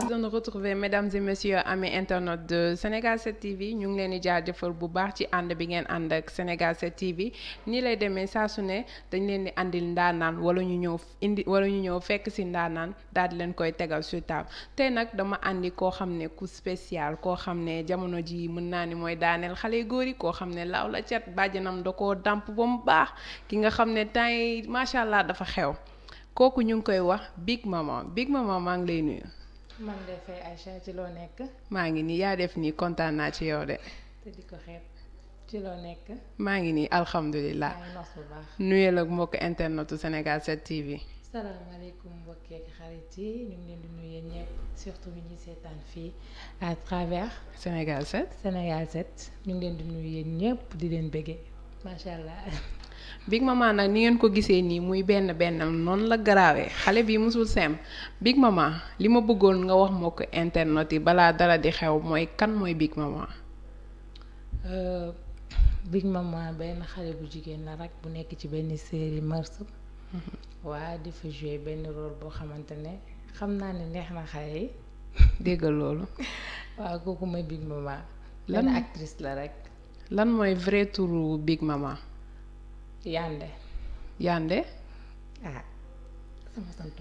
de nous retrouver mesdames et messieurs amis internautes de Sénégal set TV ñu ngi leen di jëfal bu baax ci ànd bi ngeen ànd ak Sénégal 7 TV nii lay demee saa su ne dañ leen di andil ndaanaan wala ñu ñëw indi wala ñu ñëw fekk si ndaanaan daal di leen koy tegal sur table tey nag dama andi koo xam ne ku spécial koo xam ne jamono ji mën naa ni mooy daaneel xale góor yi koo xam ne laaw cat bàjjanam da koo dàmp ba mu baax ki nga xam ne temps yi macha allah dafa xew kooku ñu ngi koy wax Big Maman Big Maman maa ngi lay nuyu. man de Faye Aïcha ci loo nekk. maa ngi nii yaa def nii kontaan naa ci yow de. te di ko xeeb ci loo nekk. maa ngi nii alhamdulilah. nuyeel ak mbokk internetu Sénégal 7 TV. salaamaaleykum mbokki ak xarit yi ñu ngi leen di nuyu ñëpp surtout ñu seetaan fii à travers. Sénégal 7 Sénégal 7 ñu ngi leen di nuyu ñëpp di leen bëggee macha allah. Big Mama nag ni ngeen ko gisee nii muy benn benn noonu la garaawee xale bi musul sem Big Mama li ma bëggoon nga wax ma ko internet yi balaa dara di xew mooy kan mooy Big Mama. Euh, Mama benn xale bu jigéen la rek bu nekk ci benn série Mœurs. Mhm. waa di fa jouer benn rôle boo xamante ne xam naa ne neex na xale yi. déggal loolu. waaw kooku mooy Big Mama. lan actrice la rek. lan mooy vrai turu Big Mama. Yande. Yande. ah sama sant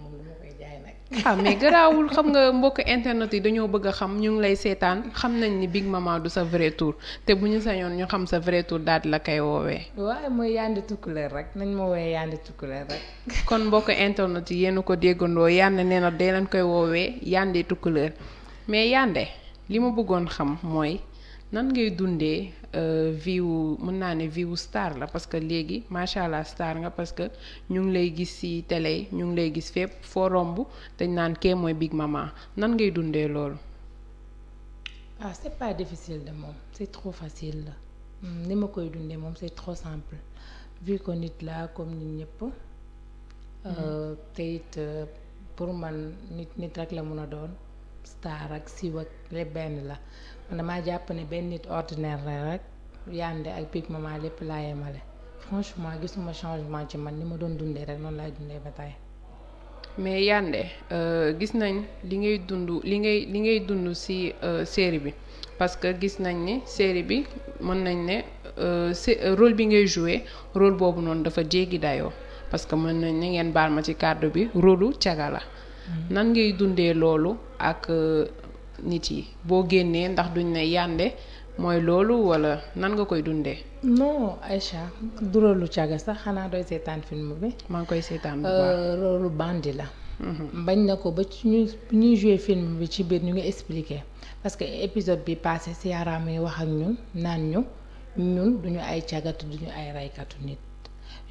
ah, mais garaawul xam nga mbokk internet yi dañoo bëgg a xam ñu ngi lay seetaan xam nañ ni Big Maman du sa vrai te bu ñu sañoon ñu xam sa vrai tour daal la koy woowee. waaye mooy Yande Tukulër rek nañ ma woowee Yande Tukulër rek. kon mbokk internet yi yéen ko déggandoo Yande nee na dee leen koy woowee Yande Tukulër mais Yande li ma bëggoon xam mooy. nan ngay dundee euh, vie wu mën naa ne vie star la parce que léegi macha allah star nga parce que ñu ngi lay gis ci télé ñu ngi lay gis fépp foo romb dañ naan kee mooy big maman nan ngay dundee loolu. ah c'est pas difficile de moom c'est trop facile la hmm, ni ma koy dundee moom c'est trop simple vu ko nit laa comme nit ñëpp. Euh, mm-hmm. te it euh, pour man nit nit rek la mun a doon star ak siiw ak benn la. damaa jàpp ne benn nit ordinaire la rek Yandé ak Big Maman lépp laa yemale franchement gisuma changement ci man ni ma doon dundee rek noonu laay dundee ba tay mais Yandé euh, gis nañ li ngay dund li ngay li ngay dund ci euh, série bi parce que gis nañ ni série bi mën nañ ne euh, euh rôle bi ngay jouer rôle boobu noonu dafa jéggi dayoo parce que mën nañ ne ngeen baal ma ci kàddu bi rôlu caga la. Mm-hmm. nan ngay dundee loolu ak euh, nit yi boo génnee ndax duñ ne yànde mooy loolu walla nan nga koy dundee. ay Aïcha du rôle caga sax xanaa doy seetaan film bi. maa ngi koy seetaan bu euh, baax la. Mhm. bañ na ko ba ci ñuy ñuy joué film bi ci biir ñu ngi expliquer parce que épisode bi passé si yaaraam yi wax ak ñun naan ñu ñun duñu ay cagatu duñu ay raykatu nit.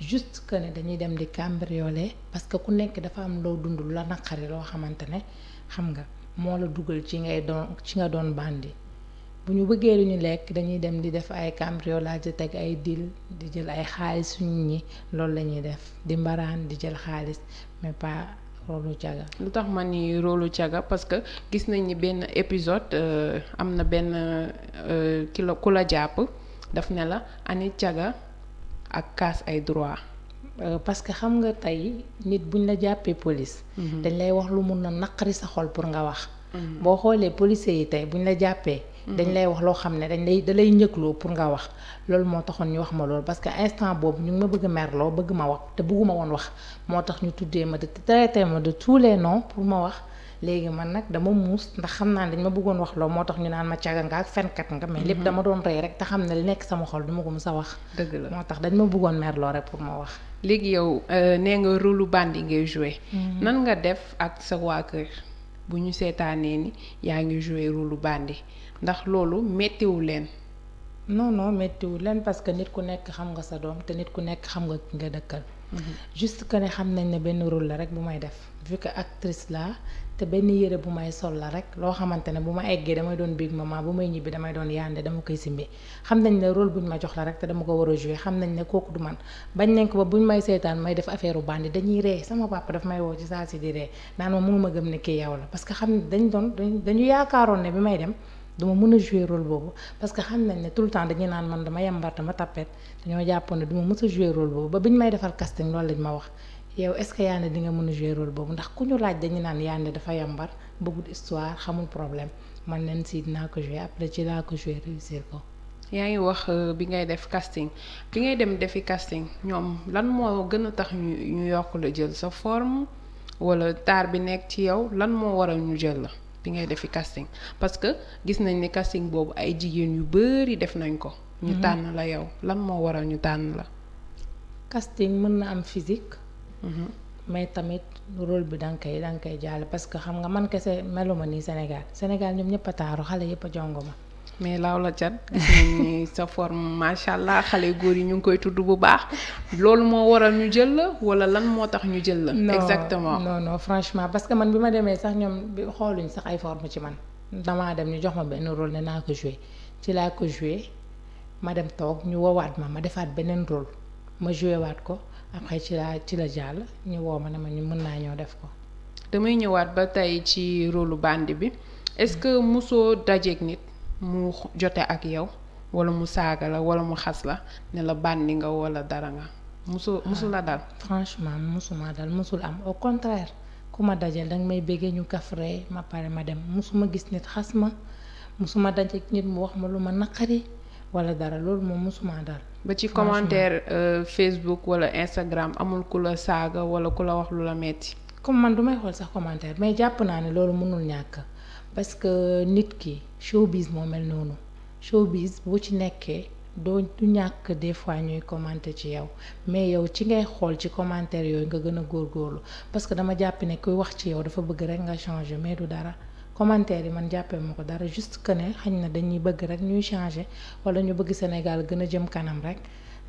juste que ne dañuy dem di cambrioler parce que ku nekk dafa am loo dund la naqari loo xamante ne xam nga. moo la dugal ci ngay doon ci nga doon bandi bu ñu bëggee lu ñu lekk dañuy dem di def ay cambriolage di teg ay dil di jël ay xaalis suñu ñi loolu lañuy def di mbaraan di jël xaalis mais pas roolu caga lu tax ma ni roolu caga parce que gis nañ ni benn épisode euh, am na benn euh, kilo ku la jàpp def ne la ani caga ak kaas ay droit Euh, parce que xam nga tey nit bu ñu la jàppee police. Mhm. dañ lay wax lu mun a naqari sa xol pour nga wax. Mhm. boo xoolee policiers yi tey buñ la jàppee. Mhm. dañ lay wax loo xam ne dañ lay da lay ñëkloo pour nga wax loolu moo taxoon ñu wax ma loolu parce que instant boobu ñu ngi ma bëgg a bëgg ma wax woon wax moo tax ñu tuddee ma de traité ma de tous les noms pour ma wax léegi man nag dama muus ndax xam naa ne dañ bëggoon wax moo tax ñu naan ma caga nga ak fenkat nga mais lépp dama doon rey rek te xam ne li nekk sama xol du ma ko mës a wax. dëgg moo tax dañ ma bëggoon merloo rek pour ma wax. léegi yow euh, nee nga rôle bandi ngay joué. Mm-hmm. nan nga def ak sa waa bu ñu seetaanee ni yaa ngi joué rôle bandi ndax loolu méttiwu leen. non non méttiwu leen parce que nit ku nekk xam nga sa doom te nit ku nekk xam nga ki nga dëkkal. juste que ne xam nañ ne benn rôle la rek bu may def vu que actrice la te benn yére bu may sol la rek loo xamante ne bu ma eggee damay doon ma maman bu may ñibbi damay doon yaande dama koy simbi xam nañ ne rôle buñ ma jox la rek te dama ko war a jouer xam nañ ne kooku du man bañ nañ ko ba ñu may seetaan may def affaire u bandi dañuy ree sama papa daf may woo ci saa si di ree naan ma mënuma gëm ne kii yow la parce que xam dañ doon dañu yaakaaroon ne bi may dem duma mën a jouer rôle boobu parce que xam nañ ne tout le temps dañuy naan man dama yambar dama tapet dañoo jàppoon ne duma mës a jouer rôle boobu ba biñ may defal casting loolu lañ ma wax yow est-ce que yaa ne di nga mën a ku ñu laaj dañu naan yaa ne dafa yambar bëggul histoire xamul problème man leen si dinaa ko jouer après ci laa ko jouer réussir ko. yaa ngi wax euh, bi ngay def casting bi ngay dem defi casting ñoom lan moo gën a tax ñu ñu yokk la jël sa forme walla taar bi nekk ci yow lan moo waral ñu jël la. bi ngay defi casting parce que gis nañ ni casting boobu ay jigéen yu bari def nañ ko. ñu mhm. tànn la yow lan moo waral ñu tànn la. casting mën na am physique. Mhm. may tamit role bi danga koy danga koy jàll parce que xam nga man kese meluma nii Sénégal Sénégal ñoom ñëpp a taaru xale yëpp a jongoma mais laaw la cat gis sa forme macha allah xale góor yi ñu ngi koy tudd bu baax loolu moo waral ñu jël la wala lan moo tax ñu jël la. exactement non non franchement parce que man bi ma demee sax ñoom bi xooluñ sax ay forme ci man damaa dem ñu jox ma benn rôle ne naa ko joué ci laa ko joué ma dem toog ñu woowaat ma ma defaat beneen rôle ma joué waat ko après ci laa ci la jàll ñu woo ma ne ma ñu mën naa ñoo def ko. damay ñëwaat ba tey ci rôle bandi bi est-ce que mosoo dajeeg nit. mu jote ak yow wala mu saaga la wala mu xas la ne la bàndi nga wala dara nga musu ah, musu la dal franchement musuma dal musul am au ku ma dajal danga may béggee ñu kafre ma pare ma dem musuma gis nit xas ma musuma daje nit mu wax ma lu ma naqari wala dara loolu moom musuma dal ba ci commentaire euh, Facebook wala Instagram amul ku la saaga wala ku la wax lu la metti comme man du may xool sax commentaire mais jàpp naa ne loolu mënul ñàkk parce que nit ki showbiz moo mel noonu showbiz boo ci nekkee doo du ñàkk des fois ñuy commenter ci yow mais yow ci ngay xool ci commentaire yooyu nga gën a góorgóorlu parce que dama jàpp ne kuy wax ci yow dafa bëgg rek nga changer mais du dara commentaire yi man jàppee ma ko dara juste que ne xañ na dañuy bëgg rek ñuy changer wala ñu bëgg Sénégal gën a jëm kanam rek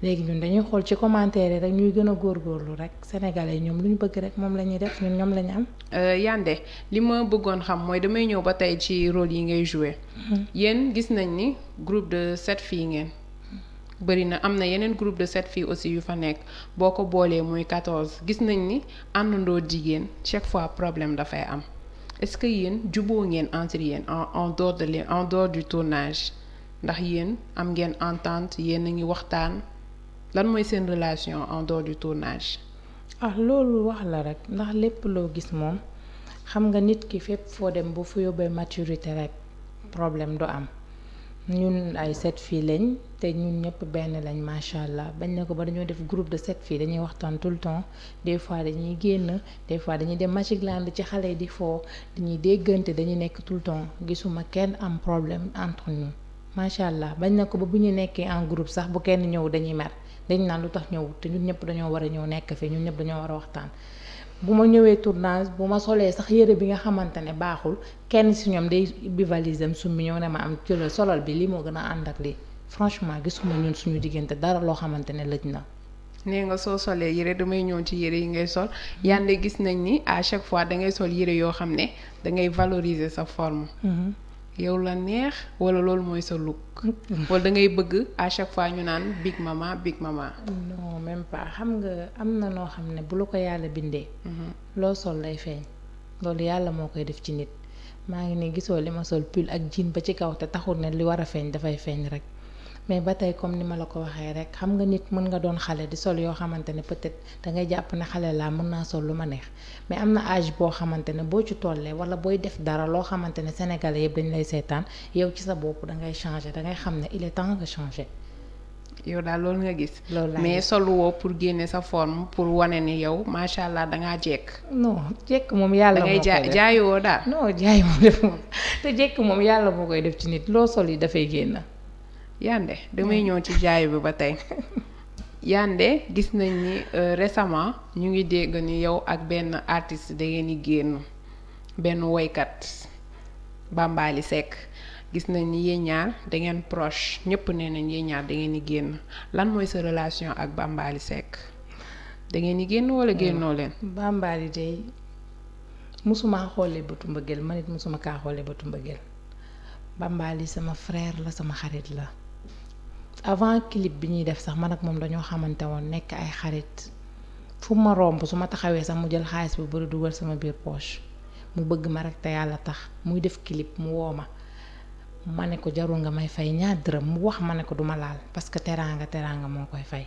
léegi ñun dañuy xool ci commentaire rek ñuy gën a góorlu rek sénégalais ñoom lu ñu bëgg rek moom lañuy def ñun ñoom la ñu am. Euh, yande li ma bëggoon xam mooy damay ñëw ba tey ci rôle yi ngay joué. Mm-hmm. yéen gis nañ ni groupe de sept filles ngeen. Mm-hmm. bëri na am na yeneen groupe de sept filles aussi yu fa nekk boo ko boolee muy quatorze gis nañ ni àndandoo jigéen chaque fois problème dafay am est-ce que yéen juboo ngeen entre en en dehors de en dehors du tournage ndax yéen am ngeen entente yéen a ngi waxtaan. lan mooy seen relation en dehors du tournage. ah loolu wax la rek ndax lépp loo gis moom xam nga nit ki fépp foo dem bu fu yóbbee maturité rek problème du am ñun ay sept filles lañ te ñun ñëpp benn lañ macha allah bañ na ko ba dañoo def groupe de sept fii dañuy waxtaan tout le temps des fois dañuy génn des fois dañuy dem Magic Land ci xale di foo dañuy déggante dañuy nekk tout temps gisuma kenn am problème entre nous macha allah bañ na ko ba bu ñu nekkee en groupe sax bu kenn ñëw dañuy mer. dañ naan lu tax ñëwut te ñun ñëpp dañoo war a ñëw nekk fi ñun ñëpp dañoo war a waxtaan bu ma ñëwee tournage bu ma solee sax yére bi nga xamante ne baaxul kenn si ñoom day bi valise am summi ñëw ne ma am jëlal solal bi lii moo gën a ànd ak lii franchement gisuma ñun suñu diggante dara loo xamante ne lëj na. nee nga soo solee yére damay ñëw ci yére yi ngay sol yande gis nañ ni à chaque fois da ngay sol yére yoo xam ne da ngay valoriser sa forme. Mm-hmm. yow la neex wala loolu mooy sa look wala da ngay bëgg à chaque fois ñu naan big mama big mama non même pas xam nga am na noo xam ne bu la ko yàlla bindee mhm. loo sol lay feeñ loolu yàlla moo koy def ci nit maa ngi ne gisoo li ma sol pull ak jean ba ci kaw te taxul ne li war a feeñ dafay feeñ rek mais ba tey comme ni ma la ko waxee rek xam nga nit mën nga doon xale di sol yoo xamante ne peut-être da jàpp ne xale laa mën naa sol lu ma neex mais am na âge boo xamante ne boo ci tollee wala booy def dara loo xamante ne sénégalais yëpp dañ lay seetaan yow ci sa bopp da ngay da ngay xam ne il temps nga changer. yow daal loolu nga gis. loolu mais solu woo pour génne sa forme pour wane ni yow macha allah da ngaa jekk. non jekk moom yàlla. da jaayoo daal. non jaay jekk moom yàlla moo koy def ci nit loo sol yi dafay génn. Yandé damay ñëw ci jaayo bi ba tey yande gis nañ ni euh, récemment ñu ngi dégg ni yow ak benn artiste dangeen ngeen di génn benn woykat Bambaly Seck gis nañ ni yéen ñaar da proche ñëpp ne nañ yéen ñaar da ngeen di génn lan mooy sa relation ak Bambaly Seck dangeen ngeen di génn walla génnoo leen. Euh, Bambaly day musuma xoolee bëtu mbëggeel man it musuma kaa xoolee bëtu mbëggeel Bambaly sama frère la sama xarit la. avant clip bi ñuy def sax man ak moom dañoo xamante woon nekk ay xarit fu ma romb su ma taxawee sax mu jël xaalis bu bari dugal sama biir poche mu bëgg ma rek te yàlla tax muy def clip mu woo ma ma ne ko jarul nga may fay ñaar dërëm mu wax ma ne ko duma laal parce que teraanga teraanga moo koy fay.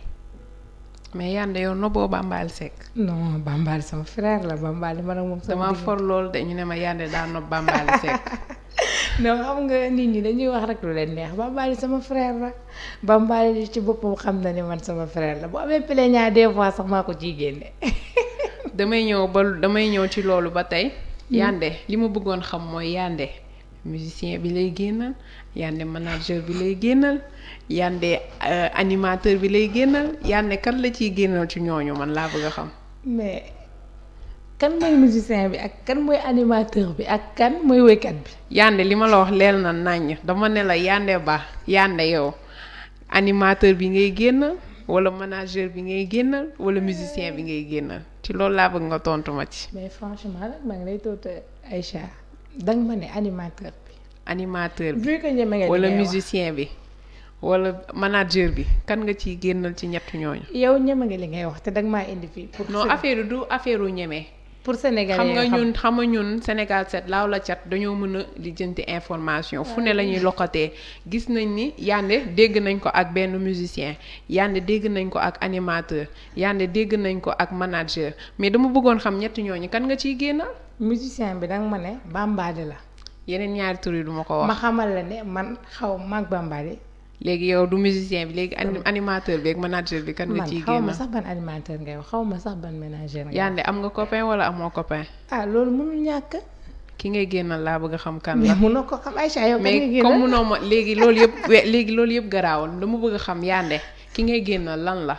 mais Yande yow noboo Bambaali Seck. non Bambaali sama frère la Bambaali man ak moom. sama dama loolu de ñu ne ma Yande daa nob Bambaali Seck. non xam nga nit ñi dañuy wax rek lu leen neex Bambaly sama frère la Bambaly ci boppam xam na ne man sama frère la bu amee plaignant des fois sax maa ko ciy génne. damay ñëw ba damay ñëw ci loolu ba tey. Hmm. Yande li ma bëggoon xam mooy Yande musicien bi lay génnal Yande manager bi lay génnal Yande euh, animateur bi lay génnal Yande kan la ciy génnal ci ñooñu man laa bëgg xam. kan mooy musicien bi ak kan mooy animateur bi ak kan mooy woykat bi. yande li ma la wax leel na naññ dama ne la yande ba yande yow animateur bi ngay génn wala manager bi ngay génn wala musicien bi ngay génn ci loolu laa bëgg nga tontu ma ci. mais franchement maa ngi lay tontu Aïcha danga ma ne animateur bi. animateur bi wala musicien bi. wala manager bi kan nga ciy génnal ci ñett ñooñu. yow ñeme nga li ngay wax te danga maa indi fii. pour non affaire du affaire ñeme. pour Sénégalais xam nga ñun xam nga ñun Sénégal set laaw la cat dañoo mën a lijjanti information fu ne la ñuy lokatee gis nañ ni Yandé dégg nañ ko ak benn musicien Yandé dégg nañ ko ak animateur yande dégg nañ ko ak manager mais dama bëggoon xam ñetti ñooñu kan nga ciy génnal. musicien bi danga ma ne Bambady la. yeneen ñaari tur yi du ma ko wax. ma xamal la ne man xaw mag Bambady léegi yow du musicien bi léegi animateur bi ak manager bi kan nga ciy génn man xaw ma sax ban animateur ngay wax xaw ma sax ban manager ngay wax am nga copain wala amoo copain. Ah, loolu mënul ñàkk. ki ngay génnal laa bëgg a xam kan la. mënoo ko xam ay yow. mais comme mënoo ma léegi loolu yëpp léegi loolu yëpp garaawul dama bëgg a xam Yandé ki ngay génnal lan la.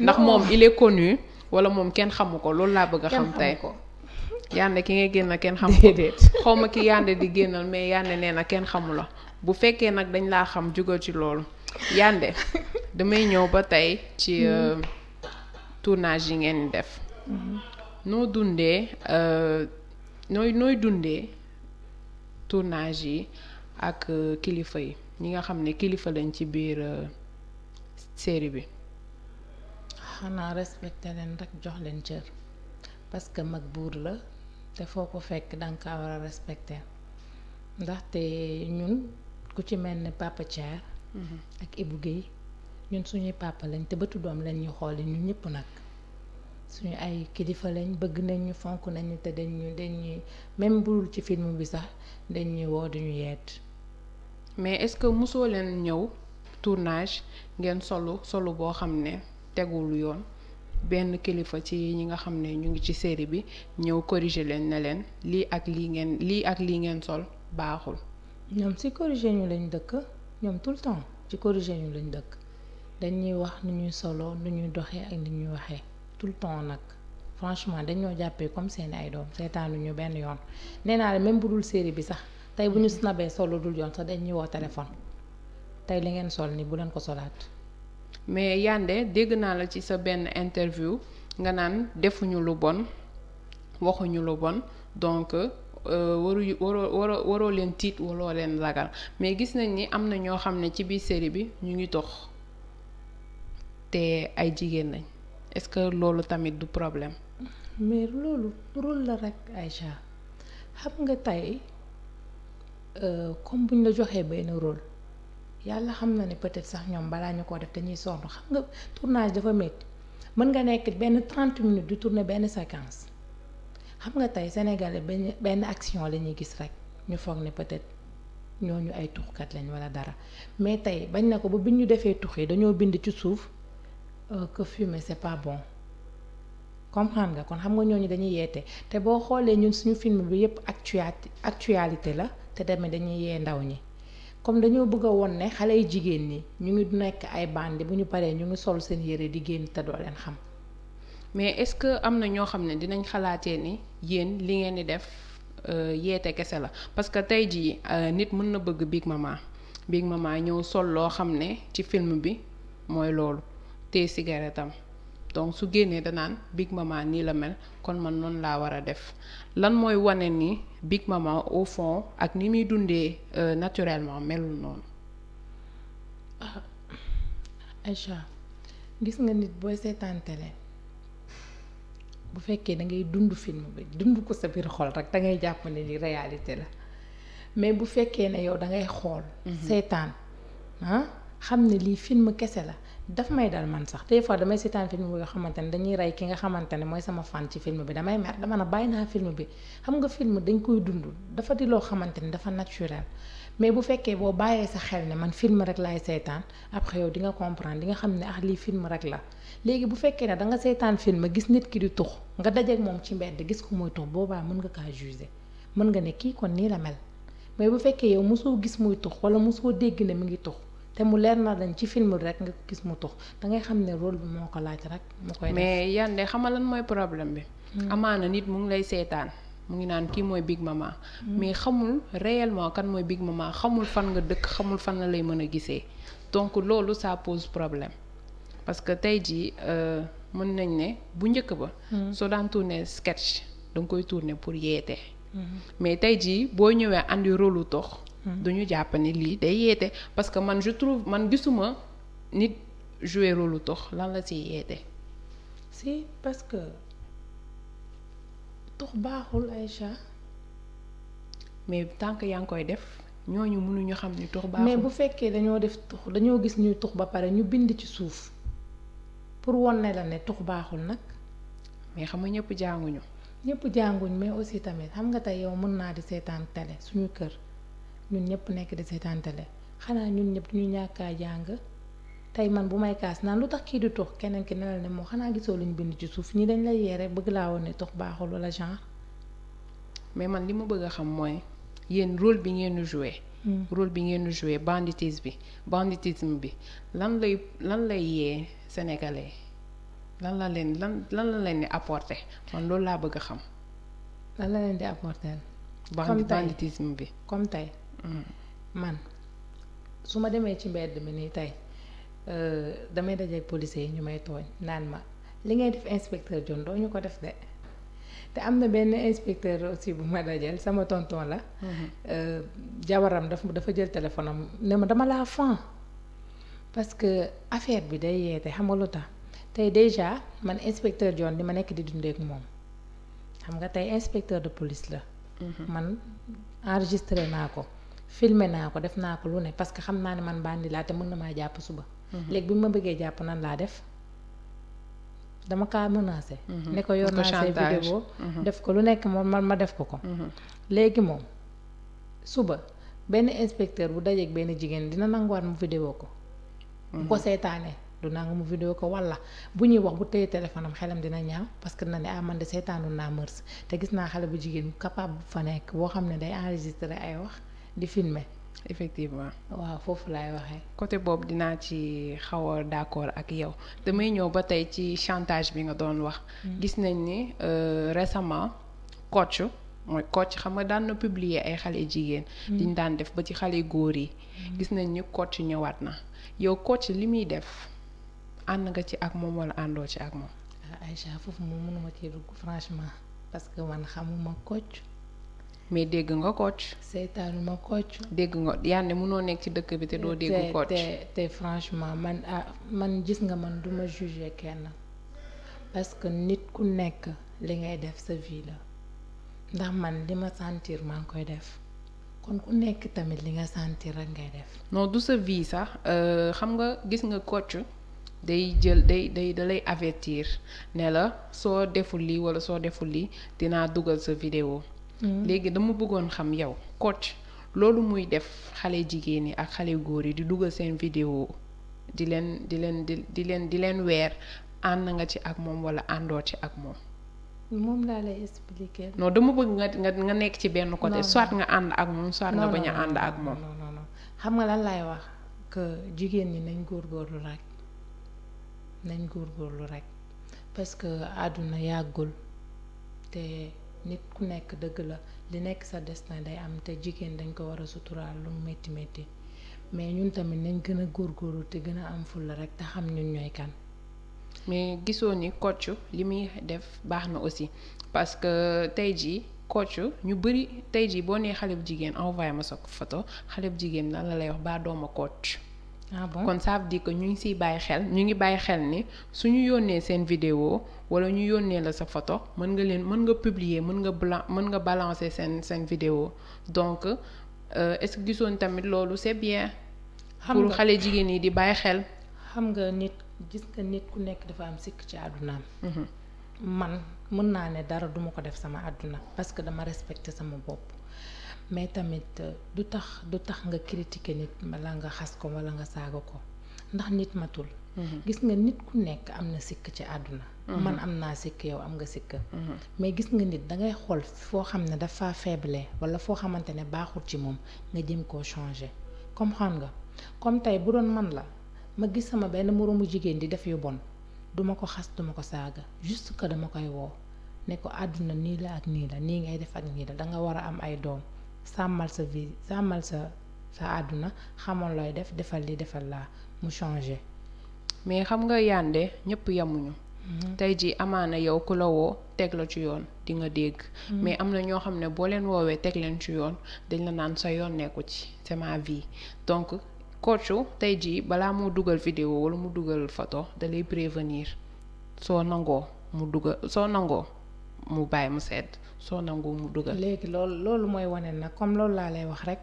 ndax moom il est wala moom kenn xamu ko loolu laa bëgg a xam tey. Yandé ki ngay génn kenn xam ko. xaw ma ki Yandé di génnal mais Yandé nee na kenn xamu la bu fekkee nag dañ laa xam jugal ci loolu Yandé damay ñëw ba tey ci mm-hmm. euh, tournage yi ngeen def mm-hmm. noo dundee euh, nooy nooy dundee tournage yi ak euh, kilifa yi ñi nga xam ne kilifa lañ ci biir série bi xanaa respecté leen rek jox leen cër parce que mag buur la te foo ko fekk danga kaa war a respecté ndaxte ñun ku ci mel ne papa mhm. ak Ibou Guèye ñun suñuy papa te bëtu doom lañ ñu xooli ñu ñëpp nag suñu ay kilifa lañ bëgg nañ ñu fonk nañ ñu te dañ ñu dañ ñuy même burul ci film bi sax dañ woo duñu yeet. mais est-ce que mosoo leen ñëw tournage ngeen solu solu boo xam ne tegul yoon benn kilifa ci ñi nga xam ne ñu ngi ci série bi ñëw corriger leen na leen lii ak lii ngeen lii ak lii ngeen sol baaxul. ñoom si corrigé ñu lañu dëkk ñoom tout le temps ci corrigé ñu lañ dëkk dañuy wax nu ñuy solo nu ñuy doxee ak ni ñuy waxee tout le temps nag franchement dañoo jàppee comme seen ay doom seetaanu ñu benn yoon nee naa même bu dul bi sax tey bu ñu snabee solo dul yoon sax dañuy woo téléphone tey li ngeen sol ni bu leen ko solaat. mais Yande dégg naa la ci sa benn interview nga naan defuñu lu bon waxuñu lu bon donc. Euh, waru waroo waroo waroo leen tiit waroo leen ragal mais gis nañ ni am na ñoo xam ne ci biir série bi ñu ngi dox te ay jigéen lañ est-ce que loolu tamit du problème. mais loolu rôle la rek ay Aïcha xam nga tey euh, comme bu buñ la joxee benn rôle yàlla xam na ne peut-être sax ñoom balaa ñu ko def dañuy sonn xam nga tournage dafa métti mën nga nekk benn 30 minutes di tourner benn séquence. xam nga tey sénégalais benn benn action lañuy gis rek ñu foog ne peut-être ñooñu ay tuxkat lañ walla dara mais tey bañ na ko ba bi ñu defee tux yi dañoo bind ci suuf euh, que fumer c'est pas bon comprendre nga kon xam nga ñooñu dañuy yeete te boo xoolee ñun suñu film bi yépp actualité la te demee dañuy yee ndaw ñi comme dañoo bëgg a won ne xale yu jigéen ñi ñu ngi nekk ay bandi bu ñu paree ñu ngi sol seen yére di génn te doo leen xam. mais est-ce que am na ñoo xam ne dinañ xalaatee ni yéen li ngeen di def euh, yeete kese la parce que tey jii euh, nit mën na bëgg Big Mama Big Mama ñëw sol loo xam ne ci film bi mooy loolu te cigarette am donc su génnee danaan Big Mama nii la mel kon man noonu laa war a def lan mooy wane ni Big Mama au fond ak ni muy dundee euh, naturellement melul noonu. Ah, Aïcha gis nga nit booy seetaan télé bu fekkee da ngay dund film bi dund ko sa biir xool rek da ngay jàpp ne li réalité la mais bu fekkee ne yow da ngay xool. Mhm. seetaan ah xam ne lii film kese la dafa may dal man sax te fois damay seetaan film nga xamante ne dañuy rey ki nga xamante ne mooy sama fan ci film bi damay mer dama na bàyyi naa film bi xam nga film dañ koy dund dafa di loo xamante ne dafa naturel. mais bu fekkee boo bàyyee sa xel ne man film rek laay seetaan après yow di nga comprendre di nga xam ne ah lii film rek la. léegi bu fekkee ne da nga seetaan film gis nit ki di tux nga dajeeg moom ci mbedd gis ko muy tux boobaa mën nga kaa juger mën nga ne kii kon nii la mel mais bu fekkee yow mosoo gis muy tux wala mosoo dégg ne mu ngi tux te mu leer na dañ ci film rek nga ko gis mu tux da ngay xam ne rôle bi moo ko laaj rek mu koy def mais yande xamal lan mooy problème bi. Hmm. amaana nit mu ngi lay seetaan. mu ngi naan kii mooy Big Mama. Hmm. mais xamul réellement kan mooy Big Mama xamul fan nga dëkk xamul fan la lay mën a gisee donc loolu ça problème. parce que tey jii euh, mën nañ ne bu njëkk ba. Hmm. soo daan tourner sketch da koy tourner pour yeete. Hmm. mais tey jii boo ñëwee andi rôle lu tox. Hmm. duñu jàpp ni lii day yeete parce que man je man gisuma nit jouer rôle lu tox lan la si yeete. si parce que tox baaxul Aïcha. mais tànk yaa ngi koy def ñooñu mënuñu xam ni tux baaxul mais bu fekkee dañoo def tux dañoo gis ñuy tux ba pare ñu bind ci suuf pour won ne la ne tux baaxul nag mais xam nga ñëpp jànguñu ñëpp jànguñ mais aussi tamit xam nga tey yow mën naa di seetaan télé suñu kër ñun ñëpp nekk di seetaan xanaa ñun ñëpp duñu ñàkkaa jàng tey man bu may kaas naan lu tax kii di tux keneen ki ne ne moo xanaa gisoo luñ bind ci suuf ñi dañ lay yeere bëgg laa woon ne tux baaxul wala genre mais man li ma bëgg a xam mooy yéen rôle bi ngeen di joué hmm. rôle bi ngeen di joué banditisme bi banditisme bi lan lay lan lay yee sénégalais lan la leen lan lan la leen di apporter man loolu laa bëgg xam. lan la leen di apporter. comme banditisme bi comme tey mm. man su ma demee ci mbedd mi nii tey euh, damay dajeeg policiers yi ñu may tooñ naan ma li ngay def inspecteur John doo ñu ko def de te am na benn inspecteur aussi bu ma dajeel sama tonton la. Mm-hmm. Euh, jabaram daf dafa jël téléphone ne ma dama laa fan parce que affaire bi day yeete xam nga lu tax tey déjà man inspecteur yoon li ma nekk di dundeek moom xam nga tey inspecteur de police la. Mhm. man enregistré naa ko filmé naa ko def naa ko lu ne parce que xam naa ne man bandi laa te mën na maa jàpp suba. Mhm. léegi bi ma bëggee jàpp nan laa def dama kaa menacé. Mhm. ne ko yor naa say def ko lu nekk moom man ma def ko ko. léegi moom suba benn inspecteur bu dajeeg benn jigéen dina nanguwaat mu vidéo ko. Mhm. bu ko seetaanee du nangu mu vidéo ko wala bu ñuy wax bu téye téléphone am xelam dina ñaaw parce que na ne ah man de seetaanul naa mërs te gis naa xale bu jigéen bu capable bu fa nekk boo xam ne day enregistré ay wax di filmer effectivement waa foofu laay waxee côté boobu dinaa ci xaw a d'accord ak yow damay ñëw ba tey ci chantage bi nga doon wax hmm. gis nañ ni euh, récemment coach mooy coach xam nga daan na publier ay xale jigéen. liñ mm. daan def ba ci xale góor yi. Mm. gis nañ ni coach ñëwaat na yow coach li muy def ànd nga ci ak moom wala àndoo ci ak moom. ah Aïcha foofu moom mënuma parce que man xamuma coach. dégg nga coach. ma coach. dégg nga yàlla mënoo nekk ci dëkk bi te doo dégg coach te te franchement man ah man gis nga man duma juger kenn parce que nit ku nekk li ngay def sa vie ndax man li ma sentir maa ngi koy def kon ku nekk tamit li nga sentir rek ngay def. noo du sa vie sax euh, xam nga gis nga coach day jël day day dalay avertir ne la soo deful lii wala soo deful lii dinaa dugal sa vidéo mm. léegi dama bëggoon xam yow coach loolu muy def xale jigéen ñi ak xale góor yi di dugal seen vidéo di leen di leen di di leen di leen weer ànd nga ci ak moom wala àndoo ak moom. moom laa lay expliquer. non dama bëgg nga nga nga nekk ci benn côté. soit nga ànd ak moom soit nga bañ a ànd ak moom. non xam nga lan laay wax que jigéen ñi nañ góor góorlu rek nañ góor góorlu rek parce que àdduna yàggul te nit ku nekk dëgg la li nekk sa destin day am te jigéen dañ ko war a suturaal lu métti métti mais ñun tamit nañ gën a góor góorlu te gën a am fulla rek te xam ñun ñooy kan. mais gisoo ni coach li muy def baax na aussi parce que tey jii coach ñu bëri tey jii boo nee xale bu jigéen envoyé ma sa photo xale bu jigéen lan la lay wax baa dooma coach kon ça veut dire ñu ngi siy bàyyi xel ñu ngi bàyyi xel ni suñu yónnee seen vidéo wala ñu yónnee la sa foto mën nga leen mën nga publier mën nga blan mën nga balancer seen seen vidéo donc euh, est-ce que gisoon tamit loolu c'est bien. xam pour xale jigéen yi di bàyyi xel. xam nga nit gis nga nit ku nekk dafa am sikk ci àddunaam mhm. man mën naa ne dara duma ko def sama àdduna parce que dama respecté sama bopp mais tamit euh, du tax du tax nga critiquer nit wala nga xas ko wala nga saaga ko ndax nit matul mhm. gis nga nit ku nekk am na sikk ci àdduna mhm. man am naa sikk yow am nga sikk mais gis nga nit dangay xool foo xam ne dafa faible wala foo xamante ne baaxul ci moom nga jëm koo changer comme xam nga comme tey bu doon man la ma gis sama benn moroomu jigéen di def yu bon duma ko xas duma ko saaga juste que dama koy woo ne ko àdduna nii la ak nii la nii ngay def ak nii la danga war a am ay doom sàmmal sa vie sàmmal sa sa àdduna xamal looy def defal li defal laa mu changé mais xam nga yande ñëpp yemuñu mm-hmm. tey jii amaana yow ku la woo teg la ci yoon di nga dégg mm-hmm. mais am na ñoo xam ne boo leen woowee teg leen ci yoon dañ la naan sa yoon nekku ci c'est ma vie donc coach tey jii balaa moo dugal vidéo wala mu dugal photo da lay prévenir soo nangoo mu dugal soo nangoo mu bàyyi mu sedd soo nangoo mu dugal. léegi loolu loolu mooy wane nag comme loolu laa lay wax rek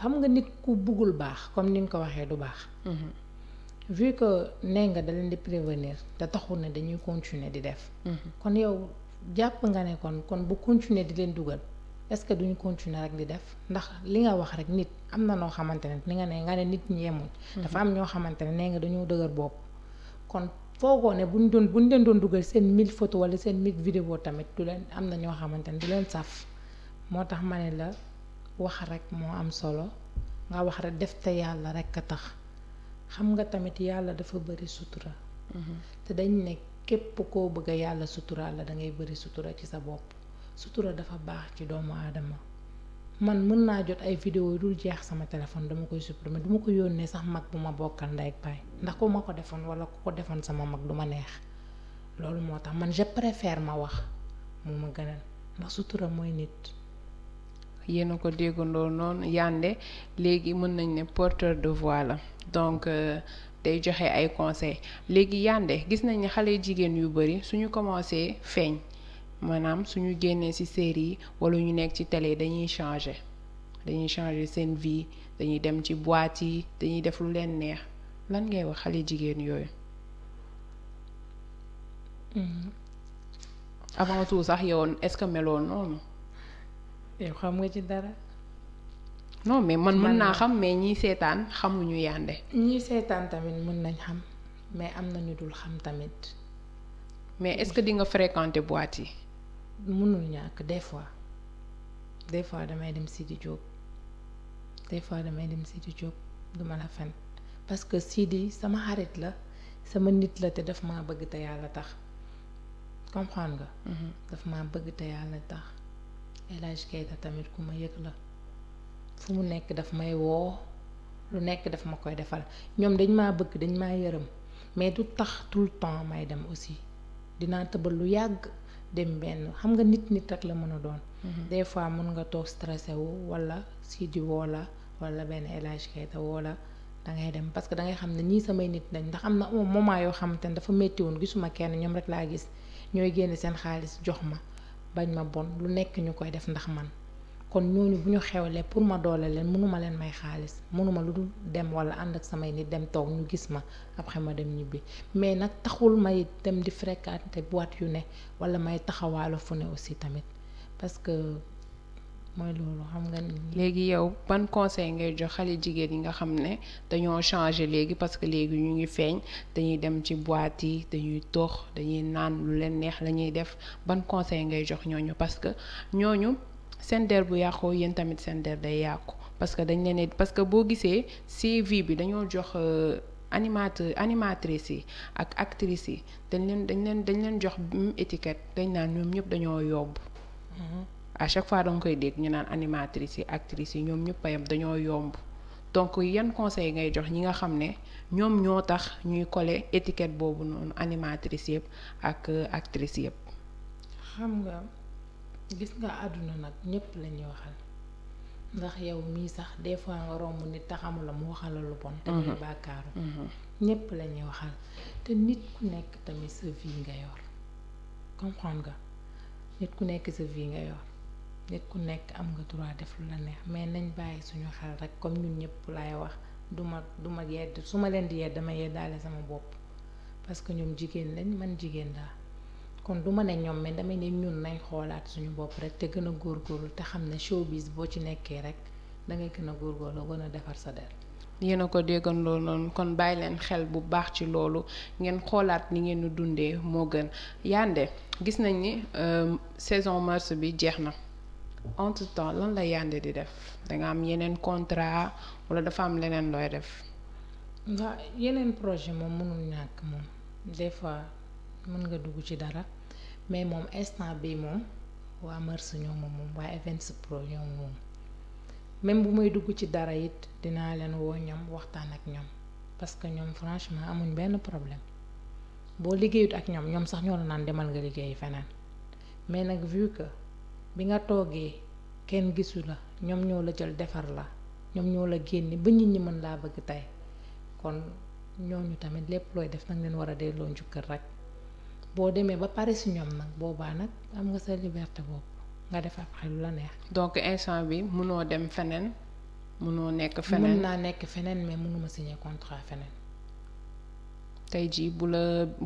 xam nga nit ku buggul baax comme ni nga ko waxee du baax. Mhm. vie que nee nga da leen di prévenir te taxul ne dañuy continuer di def. Mhm. kon yow jàpp nga ne kon kon bu continuer di leen dugal. est-ce que duñu continuer rek di def ndax li nga wax rek nit am na noo xamante ne ni nga ne nga nit ñi yemuñ mhm. dafa am ñoo xamante ne nee nga dañoo dëgër bopp kon foogoo ne buñ doon buñ leen doon dugal seen mille photo wala seen mille vidéo tamit du leen am na ñoo xamante ne du leen saf moo tax ma ne la wax rek moo am solo nga wax rek def te yàlla rek a tax xam nga tamit yàlla dafa bëri sutura mhm. te dañ ne képp koo bëgg a yàlla sutural la da ngay bëri sutura ci sa bopp sutura dafa baax ci doomu aadama man mën naa jot ay vidéo yu dul jeex sama téléphone dama koy supprimer duma ko yónnee sax mag bu ma bokkal ndey ndax ku ma ko defoon wala ku ko defoon sama mag du ma neex loolu moo tax man je préfère ma wax mu ma gënal ndax sutura mooy nit yéen a ko déggandoo noonu yande léegi mën nañ ne porteur de voix la donc euh, day joxe ay conseil léegi yande gis nañ ne xale jigéen yu bari suñu commencé feeñ maanaam suñu génnee ci série yi wala ñu nekk ci télé dañuy changer dañuy changer seen vie dañuy dem ci boîte yi dañuy def lu leen neex lan ngay wax xale jigéen yooyu mm-hmm. avant tout sax yow est-ce que meloo noonu yow xam nga ci dara non mais man mën naa xam mais ñiy seetaan xamuñu yande ñiy seetaan tamit mën nañ xam mais am na ñu dul xam tamit mais est-ce que di nga fréquenter boîte yi mënul ñàkk des fois des fois damay dem Sidi Diop des fois damay dem Sidi Diop duma la fen parce que Sidi sama xarit la sama nit la te daf ma bëgg te yàlla tax comprendre nga. Mhm. dafa ma bëgg te yàlla tax El Hadj tamit ku ma yëg la fu mu nekk daf may woo lu nekk dafa ma koy defal ñoom dañ maa bëgg dañ maa yërëm mais du tax tout le temps may dem aussi dinaa tëbal lu yàgg. dem benn xam nga nit nit rek la mën a doon. Mhm. des fois mun nga toog stressé wu wala sii di woo la wala benn élage kayta woo la da ngay dem parce que da ngay xam ne ñii samay nit lañ ndax am na moment yoo xamante ne dafa métti woon gisuma kenn ñoom rek laa gis ñooy génne seen xaalis jox ma bañ ma bon lu nekk ñu koy def ndax man. kon ñooñu bu ñu xewlee pour ma doole leen mënuma leen may xaalis mënuma lu dul dem wala ànd ak samay nit dem toog ñu gis ma après ma dem ñibbi mais nag taxul may dem di fréquenter boîte yu ne wala may taxawaalo fu ne aussi tamit parce que mooy loolu xam nga ni. léegi yow ban conseil ngay jox xale jigéen yi nga xam ne dañoo changer léegi parce que léegi ñu ngi feeñ dañuy dem ci boîte yi dañuy toox dañuy naan lu leen neex lañuy def ban conseil ngay jox ñooñu parce que ñooñu. seen bu yàqoo yéen tamit seen der day yàqu parce que dañ leen parce que boo gisee CV bi dañoo jox euh, animateur animatrice yi ak actrice yi dañ leen dañ leen dañ leen jox même étiquette dañ naan ñoom ñëpp dañoo yobbu mm-hmm. à fois da nga ñu naan animatrice yi actrice yi ñoom ñëpp ayam dañoo yomb donc yan conseil ngay jox ñi nga xam ne ñoom ñoo tax ñuy coller étiquette boobu noonu animatrice yëpp ak euh, actrice yëpp xam nga gis nga àdduna nag ñépp lañuy waxal ndax yow mii sax des fois nga romb nit te xamula mu waxal lu bon tamit mhm. bàkkaaru mhm. ñépp lañuy waxal te nit ku nekk tamit sa vie nga yor comprendre ga nit ku nekk sa vie nga yor nit ku nekk am nga droit def lu la neex mais nañ bàyyi suñu xel rek comme ñun ñépp laay wax duma duma yedd su ma leen di yedd dama yeddaale sama bopp parce que ñoom jigéen lañ man jigéen laa kon du ma ne ñoom mais damay ne ñun nañ xoolaat suñu bopp rek te gën a góorgóorlu te xam ne showbiz boo ci nekkee rek da ngay gën a góorgóorlu gën a defar sa der yéen a ko déggandoo noonu kon bàyyi leen xel bu baax ci loolu ngeen xoolaat ni ngeen di dundee moo gën Yandé gis nañ ni euh, saison mars bi jeex na entre temps lan la Yandé di def da nga am yeneen contrat wala dafa am leneen looy def. waaw yeneen projet moom mënul ñàkk moom mën nga dugg ci dara mais moom instant bi moom waa Mœurs ñoo moom moom waa Events Pro moom même bu may dugg ci dara it dinaa leen woo ñoom waxtaan ak ñoom parce que ñoom franchement amuñ benn problème boo liggéeyut ak ñoom ñoom sax ñoo la naan demal nga liggéey feneen mais nag vu que bi nga toogee kenn gisu la ñoom ñoo la jël defar la ñoom ñoo la génne ba nit ñi mën laa bëgg tey kon ñooñu tamit lépp looy def nag leen war a delloo njukkal rek. boo demee ba pare si ñoom nag boobaa nag am nga sa liberté boobu nga def après lu la neex. donc instant bi munoo dem feneen munoo nekk feneen mun naa nekk feneen mais munuma signer tey jii bu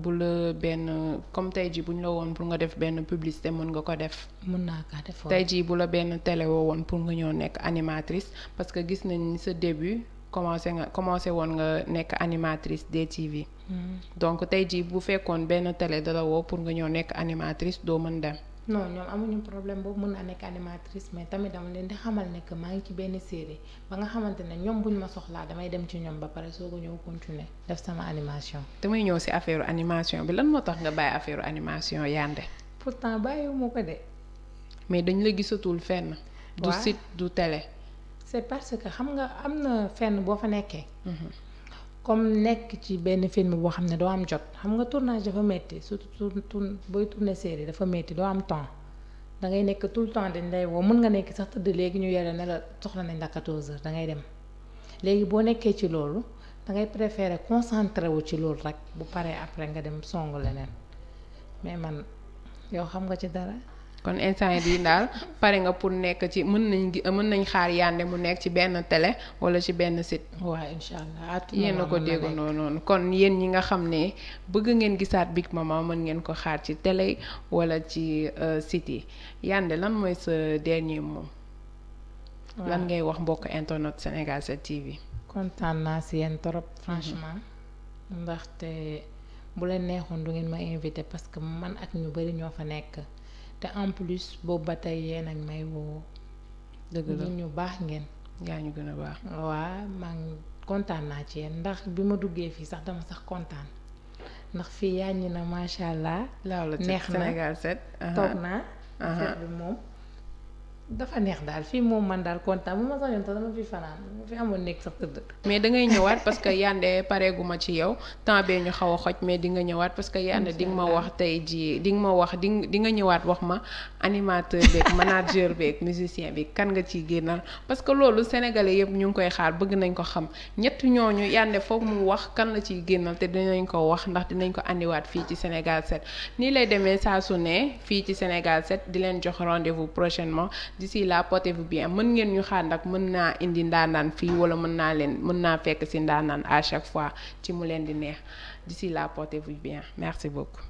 bu la benn comme tey jii bu la woon pour nga def benn publicité mën ko def. mën naa kaa def tey jii bu la benn télé woon pour nga ñëw nekk animatrice parce que gis nañ ni sa début commencé nga commencé woon nga nekk animatrice DTV. Mm. donc tey jii bu fekkoon benn télé dala woo pour nga ñëw nekk animatrice doo mën dem. non ñoom amuñu problème boobu mën a nekk animatrice mais tamit dama leen di xamal ne que maa ngi ci benn série ba nga xamante ne ñoom buñ ma soxlaa damay dem ci ñoom ba pare soo ko ñëw continuer def sama animation. may ñëw si affaire animation bi lan moo tax nga bàyyi affaire animation Yandé. pourtant bàyyiwuma ko de. mais dañu la gisatul fenn. du sit du télé. c'est parce que xam nga am na fenn boo fa nekkee. Mhm. comme nekk ci benn film boo xam ne doo am jot xam nga tournage dafa metti surtout tour booy tourner série dafa metti doo am temps dangay ngay nekk tout le temps dañ lay woo mën nga nekk sax tëdd léegi ñu yore ne soxla nañ la 14 da ngay dem léegi boo nekkee ci loolu da ngay préférer concentré wu ci loolu rek bu paree après nga dem songu leneen mais man yow xam nga ci dara. kon instant bi daal pare nga pour nekk ci mën nañ mën nañ xaar Yandé mu nekk ci benn télé wala ci benn site. waaw incha allah yéen a ko dégg noonu kon yéen ñi nga xam ne bëgg ngeen gisaat Big Mama mën ngeen ko xaar ci télé wala ci euh, site yi Yandé lan mooy sa dernier moom lan ngay wax mbokk internet Sénégal 7 TV. kontaan naa si yéen trop mhm. franchement. ndaxte bu leen neexoon du ngeen ma invité parce que man ak ñu bari ñoo fa nekk. te en plus boobu ba tey yéen ak may woo. dëgg la ñu baax ngeen. yaa ñu gën a baax. waa maa kontaan naa ci yéen ndax bi ma duggee fii sax dama sax kontaan ndax fii yàññi na macha allah. neex na set. toog naa. set bi moom. dafa neex daal fii moom man daal kontaan bu ma sañoon sax dama fi fanaan mu fi amoon nekk sax tëdd. mais da ngay ñëwaat parce que yande pareeguma ci yow temps bee ñu xaw a xoj mais di nga ñëwaat parce que yande di nga ma wax tey jii di ma wax di di nga ñëwaat wax ma animateur beeg manager beeg musicien bi kan nga ciy génnal parce que loolu sénégalais yëpp ñu ngi koy xaar bëgg nañ ko xam ñett ñooñu yande foog mu wax kan la ciy génnal te dinañ ko wax ndax dinañ ko indiwaat fii ci Sénégal nii lay demee saa su ne fii ci Sénégal 7 di leen jox rendez-vous d'ici là portez-vous bien mën ngeen ñu xaar nag mën naa indi ndaanaan fii wala mën naa leen mën naa fekk ci ndaanaan à chaque fois ci mu leen di neex d'ici là portez-vous bien merci beaucoup